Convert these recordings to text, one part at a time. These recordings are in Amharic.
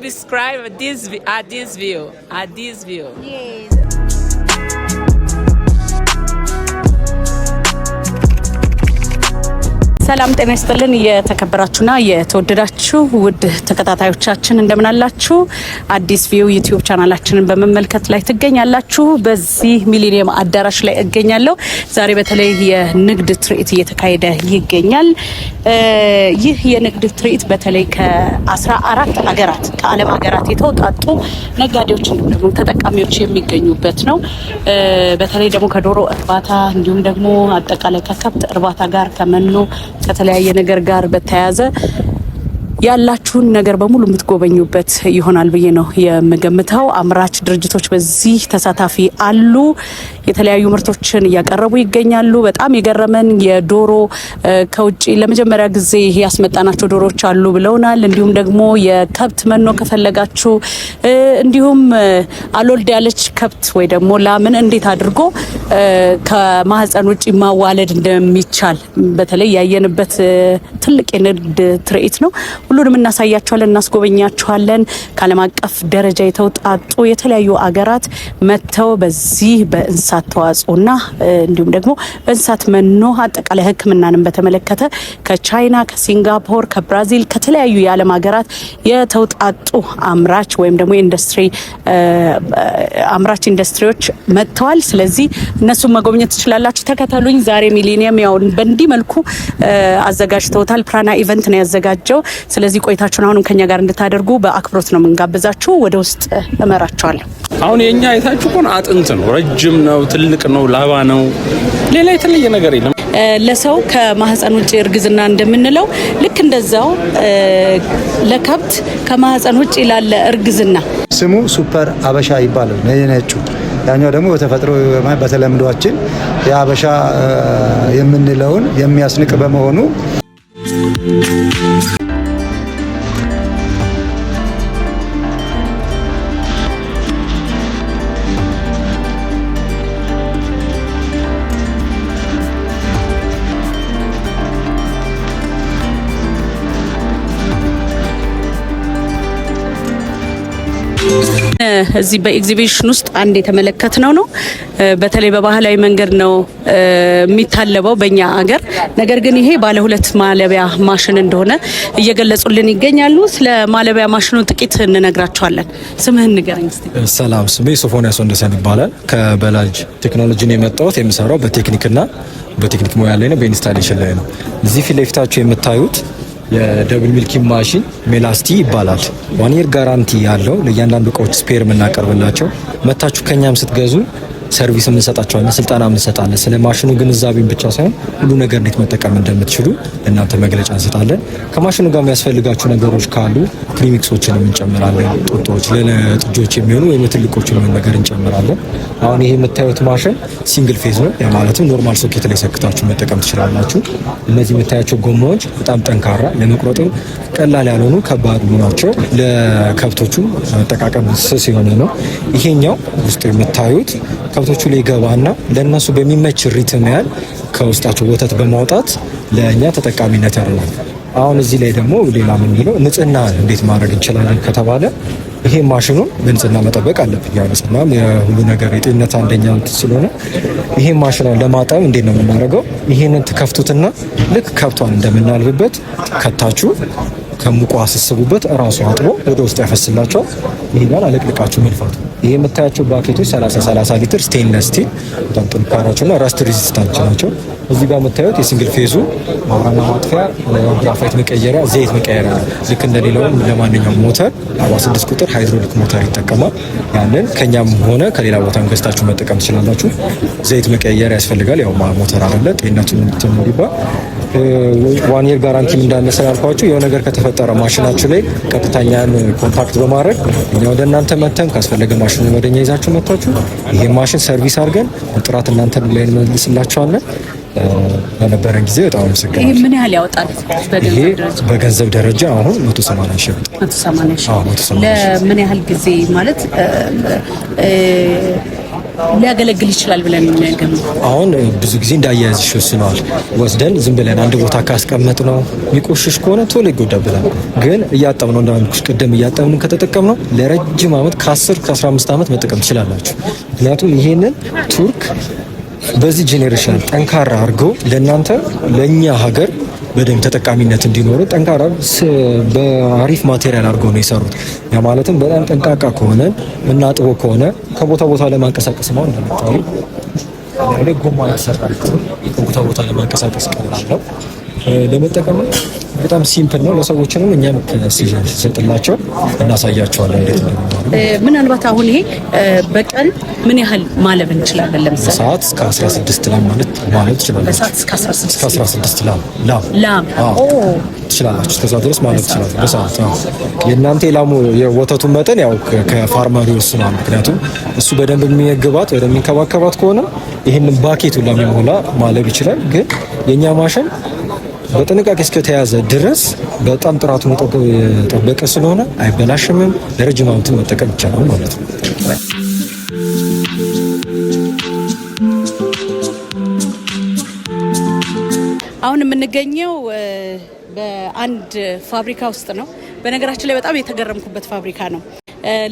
describe this at ah, this view at ah, this view yes ሰላም ጤና ይስጥልን። የተከበራችሁና የተወደዳችሁ ውድ ተከታታዮቻችን አላችሁ? አዲስ ቪው ዩቲዩብ ቻናላችንን በመመልከት ላይ ትገኛላችሁ። በዚህ ሚሊኒየም አዳራሽ ላይ እገኛለሁ። ዛሬ በተለይ የንግድ ትርኢት እየተካሄደ ይገኛል። ይህ የንግድ ትርኢት በተለይ ከአስራ አራት ሀገራት ከዓለም ሀገራት የተውጣጡ ነጋዴዎች እንዲሁም ደግሞ ተጠቃሚዎች የሚገኙበት ነው። በተለይ ደግሞ ከዶሮ እርባታ እንዲሁም ደግሞ አጠቃላይ ከከብት እርባታ ጋር ከመኖ ከተለያየ ነገር ጋር በተያያዘ ያላችሁን ነገር በሙሉ የምትጎበኙበት ይሆናል ብዬ ነው የምገምተው። አምራች ድርጅቶች በዚህ ተሳታፊ አሉ። የተለያዩ ምርቶችን እያቀረቡ ይገኛሉ። በጣም የገረመን የዶሮ ከውጭ ለመጀመሪያ ጊዜ ይሄ ያስመጣናቸው ዶሮዎች አሉ ብለውናል። እንዲሁም ደግሞ የከብት መኖ ከፈለጋችሁ እንዲሁም አልወልድ ያለች ከብት ወይ ደግሞ ላምን እንዴት አድርጎ ከማህፀን ውጭ ማዋለድ እንደሚቻል በተለይ ያየንበት ትልቅ የንግድ ትርኢት ነው። ሁሉንም እናሳያቸኋለን እናስጎበኛችኋለን። ከዓለም አቀፍ ደረጃ የተውጣጡ የተለያዩ አገራት መጥተው በዚህ በእንስሳ የእንስሳት ተዋጽኦና እንዲሁም ደግሞ በእንስሳት መኖ አጠቃላይ ሕክምናንም በተመለከተ ከቻይና፣ ከሲንጋፖር፣ ከብራዚል ከተለያዩ የዓለም ሀገራት የተውጣጡ አምራች ወይም ደግሞ ኢንዱስትሪ አምራች ኢንዱስትሪዎች መጥተዋል። ስለዚህ እነሱን መጎብኘት ትችላላችሁ። ተከተሉኝ። ዛሬ ሚሊኒየም ያው በእንዲህ መልኩ አዘጋጅተውታል። ፕራና ኢቨንት ነው ያዘጋጀው። ስለዚህ ቆይታችሁን አሁንም ከኛ ጋር እንድታደርጉ በአክብሮት ነው የምንጋብዛችሁ። ወደ ውስጥ እመራቸዋለሁ። አሁን የኛ አይታችሁ አጥንት ነው፣ ረጅም ነው ትልቅ ነው፣ ላባ ነው። ሌላ የተለየ ነገር የለም። ለሰው ከማህፀን ውጭ እርግዝና እንደምንለው ልክ እንደዛው ለከብት ከማህፀን ውጭ ላለ እርግዝና ስሙ ሱፐር አበሻ ይባላል። ነጩ ያኛው ደግሞ በተፈጥሮ በተለምዷችን የአበሻ የምንለውን የሚያስንቅ በመሆኑ እዚህ በኤግዚቢሽን ውስጥ አንድ የተመለከት ነው ነው በተለይ በባህላዊ መንገድ ነው የሚታለበው በእኛ አገር። ነገር ግን ይሄ ባለ ሁለት ማለቢያ ማሽን እንደሆነ እየገለጹልን ይገኛሉ። ስለ ማለቢያ ማሽኑ ጥቂት እንነግራቸዋለን። ስምህን ንገረኝ ሰላም፣ ስሜ ሶፎንያስ ወንደሰን ይባላል። ከበላጅ ቴክኖሎጂን የመጣሁት የምሰራው በቴክኒክና በቴክኒክ ሙያ ላይ ነው፣ በኢንስታሌሽን ላይ ነው። እዚህ ፊት ለፊታችሁ የምታዩት የደብል ሚልኪንግ ማሽን ሜላስቲ ይባላል። ዋን ኢየር ጋራንቲ ያለው ለእያንዳንዱ እቃዎች ስፔር የምናቀርብላቸው መታችሁ ከኛም ስትገዙ ሰርቪስ እንሰጣቸዋለን፣ ስልጠና እንሰጣለን። ስለ ማሽኑ ግንዛቤ ብቻ ሳይሆን ሁሉ ነገር እንዴት መጠቀም እንደምትችሉ እናንተ መግለጫ እንሰጣለን። ከማሽኑ ጋር የሚያስፈልጋቸው ነገሮች ካሉ ክሊኒክሶችንም እንጨምራለን። ጡጦች ለጥጆች የሚሆኑ ወይም ትልቆች የሚሆኑ ነገር እንጨምራለን። አሁን ይሄ የምታዩት ማሽን ሲንግል ፌዝ ነው። ማለትም ኖርማል ሶኬት ላይ ሰክታችሁ መጠቀም ትችላላችሁ። እነዚህ የምታያቸው ጎማዎች በጣም ጠንካራ፣ ለመቁረጥም ቀላል ያልሆኑ ከባድ ናቸው። ለከብቶቹ መጠቃቀም ስስ የሆነ ነው። ይሄኛው ውስጥ የምታዩት ከብቶቹ ላይ ይገባና ለእነሱ በሚመች ሪትም ያህል ከውስጣቸው ወተት በማውጣት ለእኛ ተጠቃሚነት ያለው። አሁን እዚህ ላይ ደግሞ ሌላ ምንድነው ንጽህና እንዴት ማድረግ እንችላለን ከተባለ ይሄ ማሽኑን በንጽህና መጠበቅ አለብን። ያው ንጽህና የሁሉ ነገር የጤንነት አንደኛ ስለሆነ ይሄ ማሽኑን ለማጠብ እንዴት ነው የምናደርገው? ይሄንን ትከፍቱትና ልክ ከብቷን እንደምናልብበት ከታችሁ ከሙቁ አስስቡበት እራሱ አጥቦ ወደ ውስጥ ያፈስላቸው ይሄዳል። አለቅልቃችሁ መልፋቱ። ይህ የምታያቸው ባኬቶች 30 30 ሊትር ስቴንለስ ስቲል በጣም ጥንካራቸው ጥንካሬያቸውና ራስት ሬዚስታንት ናቸው። እዚህ ጋር የምታዩት የሲንግል ፌዙ ማብራሪያ ማጥፊያ፣ ግራፋይት መቀየሪያ፣ ዘይት መቀየሪያ ነው። ልክ እንደሌላውም ለማንኛውም ሞተር 46 ቁጥር ሃይድሮሊክ ሞተር ይጠቀማል። ያንን ከኛም ሆነ ከሌላ ቦታ ገዝታችሁ መጠቀም ትችላላችሁ። ዘይት መቀየሪያ ያስፈልጋል። ያው ሞተር አለ ጤንነቱን ትኖር ይባል ዋን የር ጋራንቲ እንዳለ ስላልኳችሁ የሆነ ነገር ከተፈጠረ ማሽናችሁ ላይ ቀጥታኛን ኮንታክት በማድረግ እኛ ወደ እናንተ መተን ካስፈለገ ማሽን ወደኛ ይዛችሁ መጥታችሁ ይሄ ማሽን ሰርቪስ አድርገን ጥራት እናንተ ላይ እንመልስላችኋለን። በነበረን ጊዜ በጣም አመሰግናለሁ። ይሄ ምን ያህል ያወጣል? ይሄ በገንዘብ ደረጃ አሁን 180 ሺህ ብር። 180 ለምን ያህል ጊዜ ማለት ሊያገለግል ይችላል ብለን የሚያገምነው አሁን ብዙ ጊዜ እንዳያያዝሽ ወስነዋል። ወስደን ዝም ብለን አንድ ቦታ ካስቀመጥ ነው የሚቆሽሽ ከሆነ ቶሎ ይጎዳብናል። ግን እያጠብነው ነው እንዳልኩሽ ቅድም እያጠብንን ከተጠቀምነው ለረጅም ዓመት ከ10 ከ15 ዓመት መጠቀም ትችላላችሁ። ምክንያቱም ይሄንን ቱርክ በዚህ ጄኔሬሽን ጠንካራ አድርገው ለእናንተ ለእኛ ሀገር በደንብ ተጠቃሚነት እንዲኖሩ ጠንካራ በአሪፍ ማቴሪያል አድርገው ነው የሰሩት። ያ ማለትም በጣም ጠንቃቃ ከሆነ እና ጥቦ ከሆነ ከቦታ ቦታ ለማንቀሳቀስ ነው እንደምታዩ ጎማ ያሰራል። ከቦታ ቦታ ለማንቀሳቀስ ነው ለመጠቀም በጣም ሲምፕል ነው። ለሰዎችንም እኛም ስንጥላቸው እናሳያቸዋለን። ምናልባት አሁን ይሄ በቀን ምን ያህል ማለብ እንችላለን? ለምሳሌ ሰዓት እስከ 16 ላም ማለት ማለት ትችላላችሁ። እስከ 16 ላም ላም ትችላላችሁ። ከዛ ድረስ ማለት ትችላላችሁ በሰዓት የእናንተ የላሙ የወተቱን መጠን ያው ከፋርማሪ ይወስናል። ምክንያቱም እሱ በደንብ የሚመግባት ወይም የሚንከባከባት ከሆነ ይህንን ባኬቱ ለሚሞላ ማለብ ይችላል። ግን የእኛ ማሽን በጥንቃቄ እስከተያዘ ድረስ በጣም ጥራቱን የጠበቀ ስለሆነ አይበላሽምም። ለረጅም ዓመት መጠቀም ይቻላል ማለት ነው። አሁን የምንገኘው በአንድ ፋብሪካ ውስጥ ነው። በነገራችን ላይ በጣም የተገረምኩበት ፋብሪካ ነው።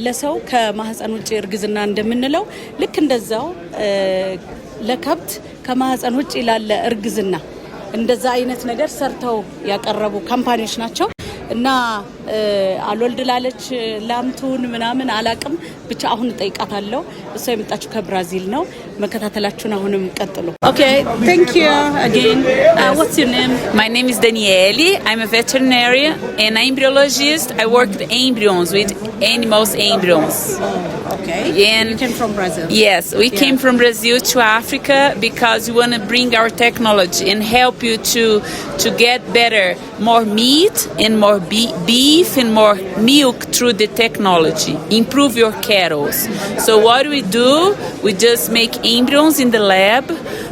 ለሰው ከማህፀን ውጭ እርግዝና እንደምንለው ልክ እንደዛው ለከብት ከማህፀን ውጭ ላለ እርግዝና እንደዛ አይነት ነገር ሰርተው ያቀረቡ ካምፓኒዎች ናቸው እና አልወልድ ላለች ላምቱን ምናምን አላቅም ብቻ አሁን ጠይቃት አለው። እሷ የመጣችው ከብራዚል ነው። መከታተላችሁን አሁንም ቀጥሉ። again. Uh, what's your name? My name is ማይ ኔም ኢዝ ዳንኤሊ አይም and ቬተሪናሪ ኤን ኤምብሪዮሎጂስት አይ ወርክ ኤምብሪዮንስ ዊዝ animals embryons okay and you came from brazil yes we yeah. came from brazil to africa because we want to bring our technology and help you to to get better more meat and more be- beef and more milk through the technology improve your cattle so what we do we just make embryos in the lab.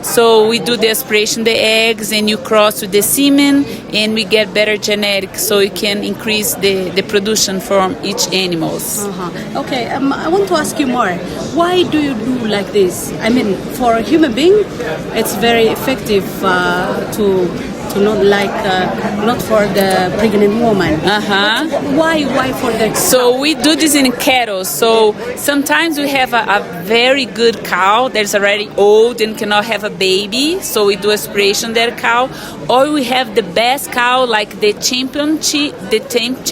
So we do the aspiration the eggs and you cross with the semen and we get better genetics so you can increase the, the production from each animals. Uh-huh. Okay, um, I want to ask you more. Why do you do like this? I mean, for a human being, it's very effective uh, to to not like uh, not for the pregnant woman. Uh huh. Why? Why for the? So we do this in cattle. So sometimes we have a, a very good cow that's already old and cannot have a baby. So we do aspiration that cow, or we have the best cow like the champion, the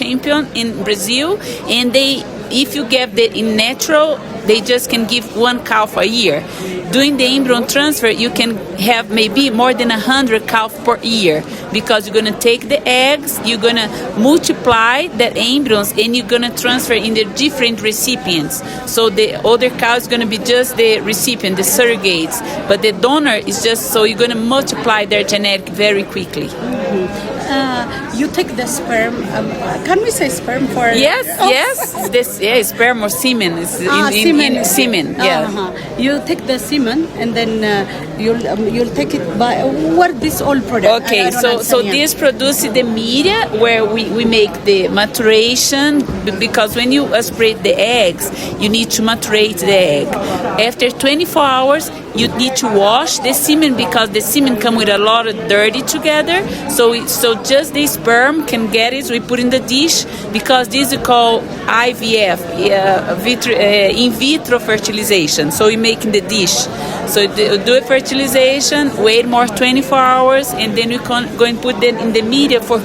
champion in Brazil, and they if you give that in natural, they just can give one calf a year. Doing the embryo transfer, you can have maybe more than 100 calf per year because you're going to take the eggs, you're going to multiply that embryos, and you're going to transfer in the different recipients. So the other cow is going to be just the recipient, the surrogates, but the donor is just so you're going to multiply their genetic very quickly. Mm -hmm uh, you take the sperm. Um, can we say sperm for? Yes, oh. yes. This yeah, sperm or semen is ah, in, semen. In, semen. Uh-huh. Yeah. Uh-huh. You take the semen and then uh, you'll um, you'll take it by what this all product. Okay, so so yet. this produces the media where we, we make the maturation because when you aspirate uh, the eggs, you need to maturate the egg. After 24 hours, you need to wash the semen because the semen come with a lot of dirty together. So so just the sperm can get it. We put in the dish because this is called IVF, uh, uh, in vitro fertilization. So we make in the dish. So do a fertilization, wait more 24 hours, and then we can go and put them in the media for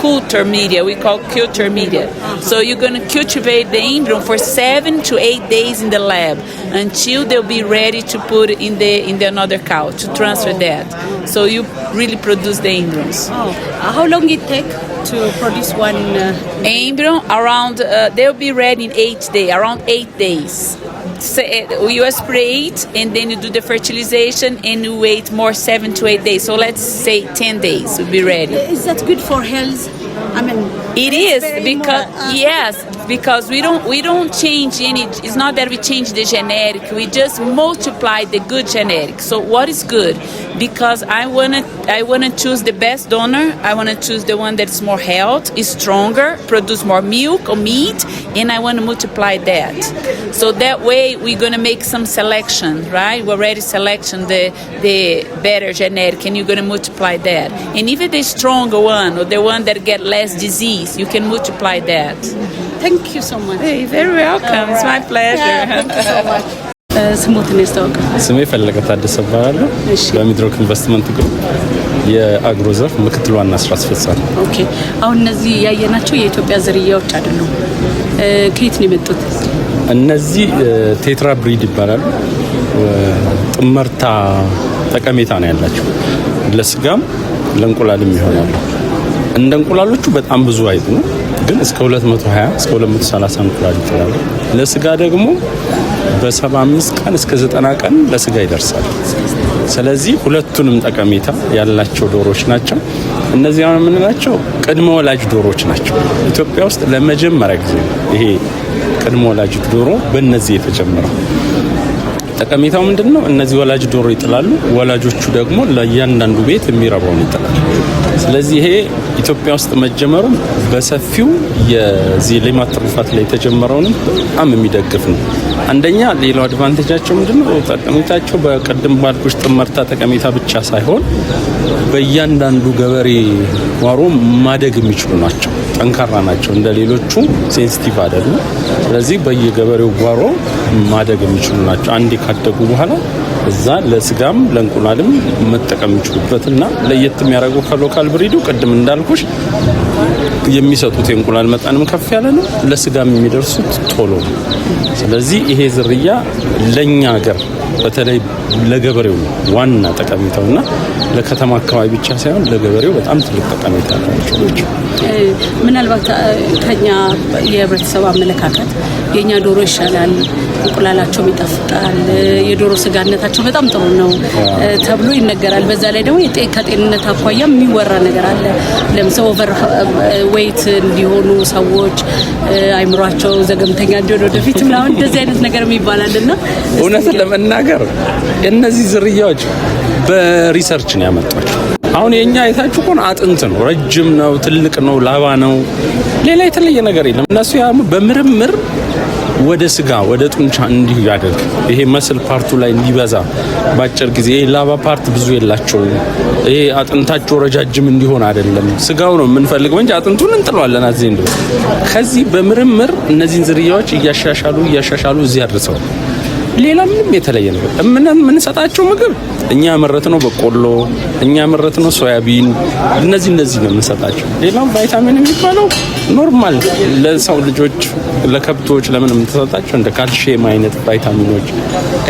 culture media. We call culture media. So you're going to cultivate the embryo for seven to eight days in the lab until they'll be ready to put put in the in the another cow to transfer oh. that. So you really produce the embryos. Oh. Uh, how long it take to produce one uh, embryo? Around uh, they'll be ready in eight day, around eight days. So, uh, you aspirate and then you do the fertilization and you wait more seven to eight days. So let's say ten days will be ready. Is that good for health? I mean, it is because more, uh, yes, because we don't we don't change any it's not that we change the generic we just multiply the good generic so what is good because i want to i want to choose the best donor i want to choose the one that's more health is stronger produce more milk or meat and I want to multiply that. So that way we're going to make some selection, right? We already selection the the better genetic, and you're going to multiply that. And even the stronger one or the one that get less disease, you can multiply that. Thank you so much. Hey, very welcome. Right. It's my pleasure. Yeah, thank you so much. ስሙትን uh, ያስታወቅ። ስሜ ፈለቀ ታደሰ እባላለሁ። በሚድሮክ ኢንቨስትመንት ግሩፕ የአግሮ ዘርፍ ምክትል ዋና ስራ አስፈጻሚ። ኦኬ። አሁን እነዚህ ያየናቸው የኢትዮጵያ ዝርያዎች አይደሉም። ከየት ነው የመጡት? እነዚህ ቴትራ ብሪድ ይባላሉ። ጥመርታ ጠቀሜታ ነው ያላቸው። ለስጋም ለእንቁላልም ይሆናሉ። እንደ እንቁላሎቹ በጣም ብዙ ነው ግን እስከ 220 እስከ 230 እንቁላል ይጥላሉ። ለስጋ ደግሞ በ75 ቀን እስከ 90 ቀን ለስጋ ይደርሳል። ስለዚህ ሁለቱንም ጠቀሜታ ያላቸው ዶሮዎች ናቸው። እነዚህ አሁን የምንላቸው ቅድመ ወላጅ ዶሮዎች ናቸው። ኢትዮጵያ ውስጥ ለመጀመሪያ ጊዜ ይሄ ቅድመ ወላጅ ዶሮ በእነዚህ የተጀመረው። ጠቀሜታው ምንድን ነው? እነዚህ ወላጅ ዶሮ ይጥላሉ። ወላጆቹ ደግሞ ለእያንዳንዱ ቤት የሚረባውን ይጥላል። ስለዚህ ይሄ ኢትዮጵያ ውስጥ መጀመሩ በሰፊው የዚህ ሌማት ትሩፋት ላይ የተጀመረውን በጣም የሚደግፍ ነው። አንደኛ ሌላው አድቫንቴጃቸው ምንድነው? ጠቀሜታቸው በቀደም ባልኩሽ ጥመርታ ጠቀሜታ ብቻ ሳይሆን በእያንዳንዱ ገበሬ ጓሮ ማደግ የሚችሉ ናቸው። ጠንካራ ናቸው። እንደ ሌሎቹ ሴንሲቲቭ አይደሉም። ስለዚህ በየገበሬው ጓሮ ማደግ የሚችሉ ናቸው። አንዴ ካደጉ በኋላ እዛ ለስጋም ለእንቁላልም መጠቀም ይችሉበት እና ለየት የሚያደርገው ከሎካል ብሪዱ ቅድም እንዳልኩሽ የሚሰጡት የእንቁላል መጠንም ከፍ ያለ ነው። ለስጋም የሚደርሱት ቶሎ ነው። ስለዚህ ይሄ ዝርያ ለእኛ ሀገር በተለይ ለገበሬው ነው ዋና ጠቀሜታው እና ለከተማ አካባቢ ብቻ ሳይሆን ለገበሬው በጣም ትልቅ ጠቀሜታ ናቸው። ምናልባት ከኛ የህብረተሰብ አመለካከት የእኛ ዶሮ ይሻላል፣ እንቁላላቸውም ይጣፍጣል፣ የዶሮ ስጋነታቸው በጣም ጥሩ ነው ተብሎ ይነገራል። በዛ ላይ ደግሞ ከጤንነት አኳያ የሚወራ ነገር አለ። ለምሳሌ ኦቨር ዌይት እንዲሆኑ ሰዎች አይምሯቸው ዘገምተኛ እንዲሆን ወደፊት ምናምን እንደዚህ አይነት ነገር ይባላል እና እውነትን ለመናገር እነዚህ ዝርያዎች በሪሰርች ነው ያመጧቸው። አሁን የኛ አይታችሁ እኮ አጥንት ነው፣ ረጅም ነው፣ ትልቅ ነው፣ ላባ ነው። ሌላ የተለየ ነገር የለም። እነሱ ያ በምርምር ወደ ስጋ ወደ ጡንቻ እንዲህ ያደርግ። ይሄ መስል ፓርቱ ላይ እንዲበዛ በአጭር ጊዜ። ይሄ ላባ ፓርት ብዙ የላቸውም። ይሄ አጥንታቸው ረጃጅም እንዲሆን አይደለም፣ ስጋው ነው የምንፈልገው እንጂ አጥንቱን እንጥሏለን። አዜ ከዚህ በምርምር እነዚህን ዝርያዎች እያሻሻሉ እያሻሻሉ እዚህ አድርሰዋል። ሌላ ምንም የተለየ ነገር የምንሰጣቸው ምግብ እኛ ያመረት ነው በቆሎ፣ እኛ ያመረት ነው ሶያቢን፣ እነዚህ እነዚህ ነው የምንሰጣቸው። ሌላም ቫይታሚን የሚባለው ኖርማል ለሰው ልጆች ለከብቶች ለምን የምንሰጣቸው እንደ ካልሽየም አይነት ቫይታሚኖች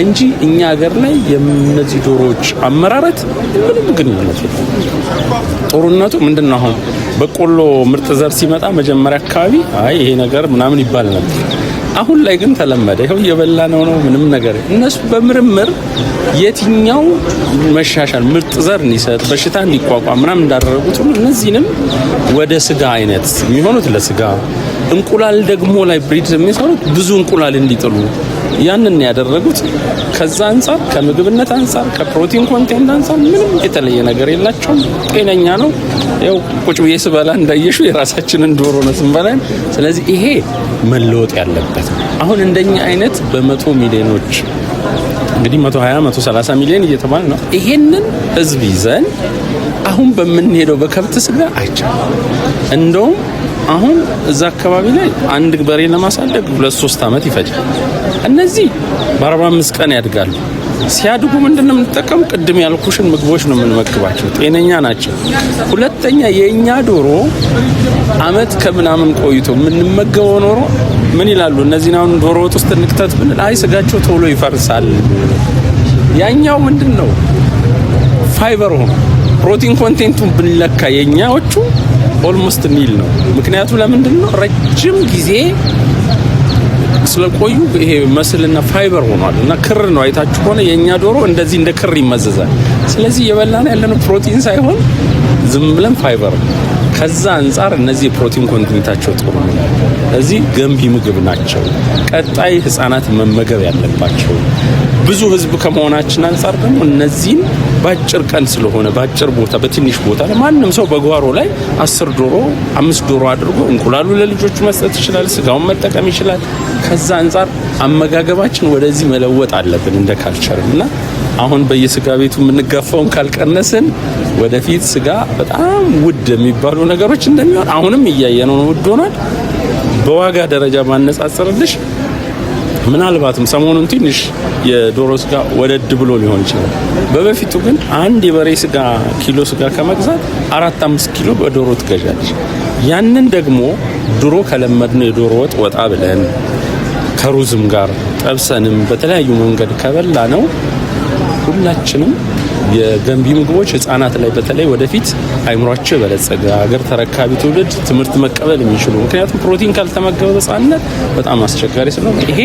እንጂ እኛ ሀገር ላይ የእነዚህ ዶሮዎች አመራረት ምንም ግንኙነት ጦሩነቱ ጥሩነቱ ምንድን ነው? አሁን በቆሎ ምርጥ ዘር ሲመጣ መጀመሪያ አካባቢ አይ ይሄ ነገር ምናምን ይባል ነበር አሁን ላይ ግን ተለመደ። ይኸው እየበላ ነው ነው ምንም ነገር እነሱ በምርምር የትኛው መሻሻል ምርጥ ዘር እንዲሰጥ በሽታ እንዲቋቋም ምናምን እንዳደረጉት ሁሉ እነዚህንም ወደ ስጋ አይነት የሚሆኑት ለስጋ እንቁላል ደግሞ ላይ ብሪድ የሚሰሩት ብዙ እንቁላል እንዲጥሉ ያንን ያደረጉት ከዛ አንጻር ከምግብነት አንጻር ከፕሮቲን ኮንቴንት አንጻር ምንም የተለየ ነገር የላቸውም። ጤነኛ ነው። ያው ቁጭ ብዬ ስበላ እንዳየሹ የራሳችንን ዶሮ ነው ስንበላ። ስለዚህ ይሄ መለወጥ ያለበት አሁን እንደኛ አይነት በመቶ ሚሊዮኖች እንግዲህ 120 130 ሚሊዮን እየተባለ ነው። ይሄንን ህዝብ ይዘን አሁን በምንሄደው በከብት ስጋ አይቻልም። እንደውም አሁን እዛ አካባቢ ላይ አንድ በሬ ለማሳደግ ሁለት ሶስት አመት ይፈጃል። እነዚህ በ አምስት ቀን ያድጋሉ። ሲያድጉ ምንድን ነው የምንጠቀሙ? ቅድም ያልኩሽን ምግቦች ነው የምንመግባቸው። ጤነኛ ናቸው። ሁለተኛ የእኛ ዶሮ አመት ከምናምን ቆይቶ የምንመገበው ኖሮ ምን ይላሉ? እነዚህን አሁን ዶሮ ወጥ ውስጥ እንክተት ብንል አይ ስጋቸው ቶሎ ይፈርሳል። ያኛው ምንድን ነው ፋይበር ሆኖ ፕሮቲን ኮንቴንቱን ብንለካ የኛዎቹ ኦልሞስት ኒል ነው። ምክንያቱ ለምንድን ነው ረጅም ጊዜ ስለቆዩ ይሄ መስልና ፋይበር ሆኗል እና ክር ነው። አይታችሁ ከሆነ የእኛ ዶሮ እንደዚህ እንደ ክር ይመዘዛል። ስለዚህ የበላን ያለነው ፕሮቲን ሳይሆን ዝም ብለን ፋይበር ነው። ከዛ አንጻር እነዚህ የፕሮቲን ኮንቲኒታቸው ጥሩ ነው። እዚህ ገንቢ ምግብ ናቸው። ቀጣይ ህፃናት መመገብ ያለባቸው ብዙ ህዝብ ከመሆናችን አንጻር ደግሞ እነዚህን በአጭር ቀን ስለሆነ በአጭር ቦታ በትንሽ ቦታ ማንም ሰው በጓሮ ላይ አስር ዶሮ አምስት ዶሮ አድርጎ እንቁላሉ ለልጆቹ መስጠት ይችላል። ስጋውን መጠቀም ይችላል። ከዛ አንጻር አመጋገባችን ወደዚህ መለወጥ አለብን እንደ ካልቸር እና አሁን በየስጋ ቤቱ የምንጋፋውን ካልቀነስን ወደፊት ስጋ በጣም ውድ የሚባሉ ነገሮች እንደሚሆን አሁንም እያየነው ነው። ውድ ሆኗል። በዋጋ ደረጃ ማነጻጸርልሽ ምናልባትም ሰሞኑን ትንሽ የዶሮ ስጋ ወደድ ብሎ ሊሆን ይችላል። በበፊቱ ግን አንድ የበሬ ስጋ ኪሎ ስጋ ከመግዛት አራት አምስት ኪሎ በዶሮ ትገዣለች። ያንን ደግሞ ድሮ ከለመድነው የዶሮ ወጥ ወጣ ብለን ከሩዝም ጋር ጠብሰንም በተለያዩ መንገድ ከበላ ነው ሁላችንም የገንቢ ምግቦች ህጻናት ላይ በተለይ ወደፊት አይምሯቸው የበለጸገ ሀገር ተረካቢ ትውልድ ትምህርት መቀበል የሚችሉ ምክንያቱም ፕሮቲን ካልተመገበ በህጻንነት በጣም አስቸጋሪ ስለሆነ ይሄ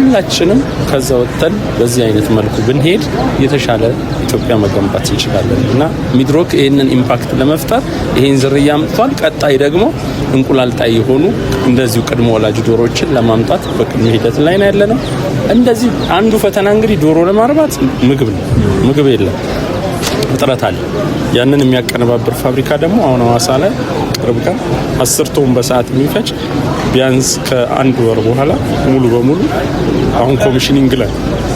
ሁላችንም ከዛ ወጥተን በዚህ አይነት መልኩ ብንሄድ የተሻለ ኢትዮጵያ መገንባት እንችላለን እና ሚድሮክ ይህንን ኢምፓክት ለመፍጠር ይህን ዝርያ አምጥቷል። ቀጣይ ደግሞ እንቁላል ጣይ የሆኑ እንደዚሁ ቅድመ ወላጅ ዶሮዎችን ለማምጣት በቅድመ ሂደት ላይ ነው ያለነው። እንደዚህ አንዱ ፈተና እንግዲህ ዶሮ ለማርባት ምግብ ነው፣ ምግብ የለም። እጥረት አለ። ያንን የሚያቀነባብር ፋብሪካ ደግሞ አሁን ሀዋሳ ላይ ቅርብ ቀን አስር ቶን በሰዓት የሚፈጭ ቢያንስ ከአንድ ወር በኋላ ሙሉ በሙሉ አሁን ኮሚሽኒንግ ላይ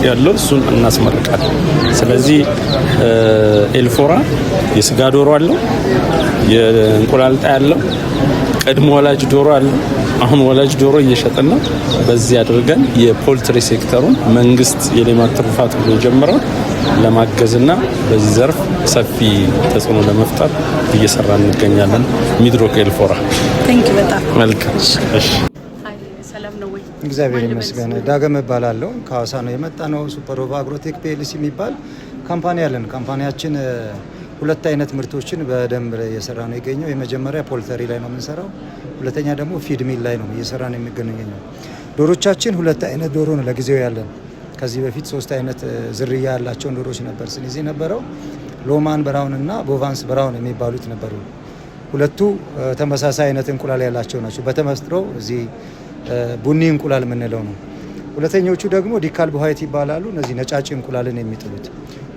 ያለው እሱን እናስመርቃለን። ስለዚህ ኤልፎራ የስጋ ዶሮ አለው፣ የእንቁላልጣ ያለው ቀድሞ ወላጅ ዶሮ አለ። አሁን ወላጅ ዶሮ እየሸጥን ነው። በዚህ አድርገን የፖልትሪ ሴክተሩን መንግስት የሌማት ትሩፋት ብሎ የጀመረው ለማገዝና በዚህ ዘርፍ ሰፊ ተጽዕኖ ለመፍጠር እየሰራ እንገኛለን። ሚድሮክ ኤልፎራ መልካም። እግዚአብሔር ይመስገን። ዳገም እባላለሁ። ከሀዋሳ ነው የመጣ ነው። ሱፐርባ አግሮቴክ ፒኤልሲ የሚባል ካምፓኒ አለን። ካምፓኒያችን ሁለት አይነት ምርቶችን በደንብ እየሰራ ነው ይገኘው። የመጀመሪያ ፖልተሪ ላይ ነው የምንሰራው። ሁለተኛ ደግሞ ፊድ ሚል ላይ ነው እየሰራ ነው የሚገነኘው። ዶሮቻችን ሁለት አይነት ዶሮ ነው ለጊዜው ያለን። ከዚህ በፊት ሶስት አይነት ዝርያ ያላቸውን ዶሮች ነበር ስንይዝ ነበረው። ሎማን ብራውን እና ቦቫንስ ብራውን የሚባሉት ነበሩ። ሁለቱ ተመሳሳይ አይነት እንቁላል ያላቸው ናቸው። በተመስጥሮ እዚህ ቡኒ እንቁላል የምንለው ነው። ሁለተኞቹ ደግሞ ዲካል ዋይት ይባላሉ። እነዚህ ነጫጭ እንቁላልን የሚጥሉት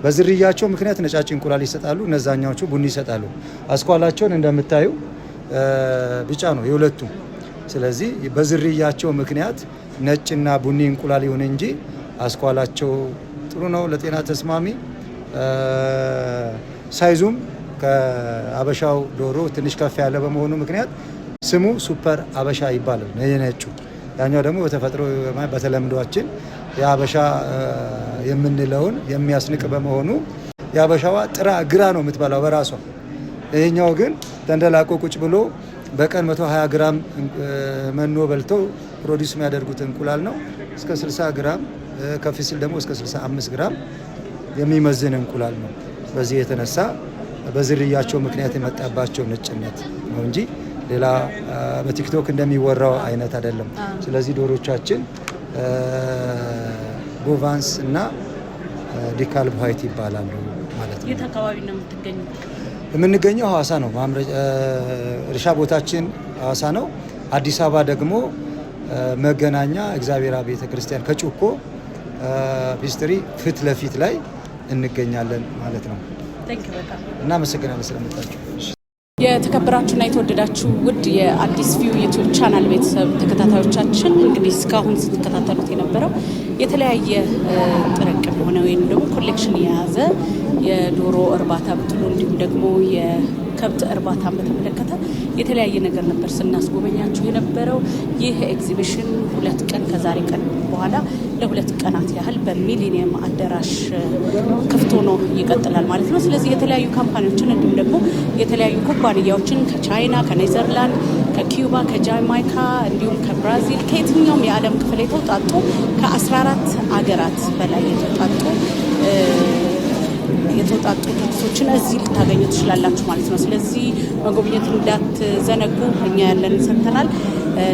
በዝርያቸው ምክንያት ነጫጭ እንቁላል ይሰጣሉ፣ እነዛኛዎቹ ቡኒ ይሰጣሉ። አስኳላቸውን እንደምታዩ ቢጫ ነው የሁለቱም። ስለዚህ በዝርያቸው ምክንያት ነጭና ቡኒ እንቁላል ይሁን እንጂ አስኳላቸው ጥሩ ነው፣ ለጤና ተስማሚ ሳይዙም ከአበሻው ዶሮ ትንሽ ከፍ ያለ በመሆኑ ምክንያት ስሙ ሱፐር አበሻ ይባላል። ነጩ ያኛው ደግሞ በተፈጥሮ በተለምዷችን የሀበሻ የምንለውን የሚያስንቅ በመሆኑ የሀበሻዋ ጥራ ግራ ነው የምትበላው በራሷ። ይህኛው ግን ተንደላቆ ቁጭ ብሎ በቀን 120 ግራም መኖ በልተው ፕሮዲስ የሚያደርጉት እንቁላል ነው። እስከ 60 ግራም ከፍ ሲል ደግሞ እስከ 65 ግራም የሚመዝን እንቁላል ነው። በዚህ የተነሳ በዝርያቸው ምክንያት የመጣባቸው ነጭነት ነው እንጂ ሌላ በቲክቶክ እንደሚወራው አይነት አይደለም። ስለዚህ ዶሮቻችን ጎቫንስ እና ዲካልብ ኋይት ይባላሉ ማለት ነው። የት አካባቢ ነው የምትገኘው? የምንገኘው ሀዋሳ ነው። እርሻ ቦታችን ሀዋሳ ነው። አዲስ አበባ ደግሞ መገናኛ እግዚአብሔር ቤተ ክርስቲያን ከጩኮ ፒስትሪ ፊት ለፊት ላይ እንገኛለን ማለት ነው። እናመሰግናለን ስለመጣችሁ። የተከበራችሁና የተወደዳችሁ ውድ የአዲስ ቪው ዩቲዩብ ቻናል ቤተሰብ ተከታታዮቻችን እንግዲህ እስካሁን ስትከታተሉት የነበረው የተለያየ ጥርቅም ሆነ ወይም ደግሞ ኮሌክሽን የያዘ የዶሮ እርባታ ብትሉ እንዲሁም ደግሞ የከብት እርባታ በተመለከተ የተለያየ ነገር ነበር ስናስጎበኛችሁ የነበረው። ይህ ኤግዚቢሽን ሁለት ቀን ከዛሬ ቀን በኋላ ለሁለት ቀናት ያህል በሚሊኒየም አዳራሽ ክፍት ሆኖ ይቀጥላል ማለት ነው። ስለዚህ የተለያዩ ካምፓኒዎችን እንዲሁም ደግሞ የተለያዩ ኩባንያዎችን ከቻይና፣ ከኔዘርላንድ፣ ከኪዩባ፣ ከጃማይካ እንዲሁም ከብራዚል ከየትኛውም የዓለም ክፍል የተውጣጡ ከ14 አገራት በላይ የተውጣጡ የተወጣጡ ድርጅቶችን እዚህ ልታገኙ ትችላላችሁ ማለት ነው። ስለዚህ መጎብኘት እንዳትዘነጉ። እኛ ያለን ሰምተናል።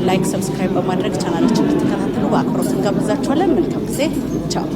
ላይክ፣ ሰብስክራይብ በማድረግ ቻናላችን እንድትከታተሉ በአክብሮት እንጋብዛችኋለን። መልካም ጊዜ። ቻው